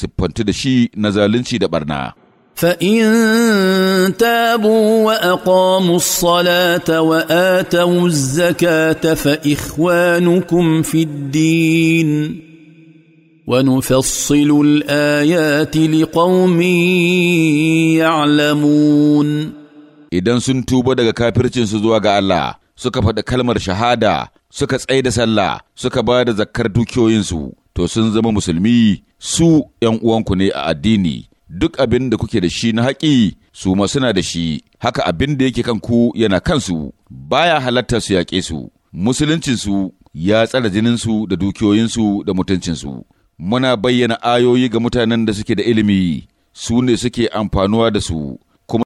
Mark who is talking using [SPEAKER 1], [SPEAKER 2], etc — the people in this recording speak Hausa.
[SPEAKER 1] siffanti da shi na zalunci da barna.
[SPEAKER 2] فإن تابوا وأقاموا الصلاة وآتوا الزكاة فإخوانكم في الدين ونفصل
[SPEAKER 1] الآيات لقوم يعلمون idan sun tuba daga kafircinsu zuwa ga Allah suka faɗa kalmar shahada suka tsaida sallah suka ba da zakkar dukiyoyinsu to sun zama musulmi su ‘yan uwanku ne a addini, duk abin da kuke da shi na haƙi su ma suna da shi, haka abin da yake kanku yana kansu, baya halatta su yaƙe su, musuluncinsu ya tsara jininsu da dukiyoyinsu da mutuncinsu. Muna bayyana ayoyi ga mutanen da suke da ilimi, su ne suke amfanuwa da su.